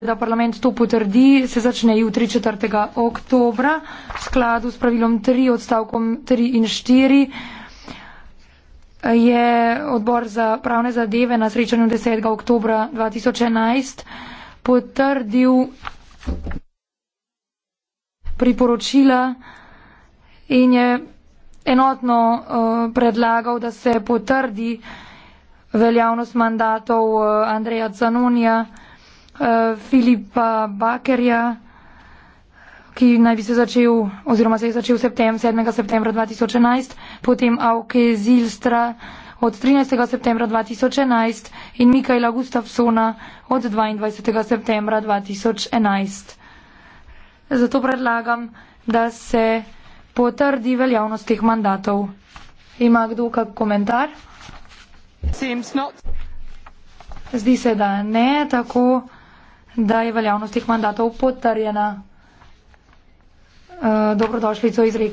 da parlament to potrdi, se začne jutri 4. oktobra v skladu s pravilom 3 odstavkom 3 in 4 je odbor za pravne zadeve na srečanju 10. oktobra 2011 potrdil priporočila in je enotno uh, predlagal, da se potrdi veljavnost mandatov uh, Andreja Canonija. Eh, Filipa Bakerja, ki naj bi se začel, oziroma se je začel septem, 7. septembra 2011, potem Auke Zilstra od 13. septembra 2011 in Mikaela Gustafsona od 22. septembra 2011. Zato predlagam, da se potrdi veljavnost teh mandatov. Ima kdo kak komentar? Zdi se, da ne, tako da je veljavnost teh mandatov potrjena. Eh, dobrodošlico izrek.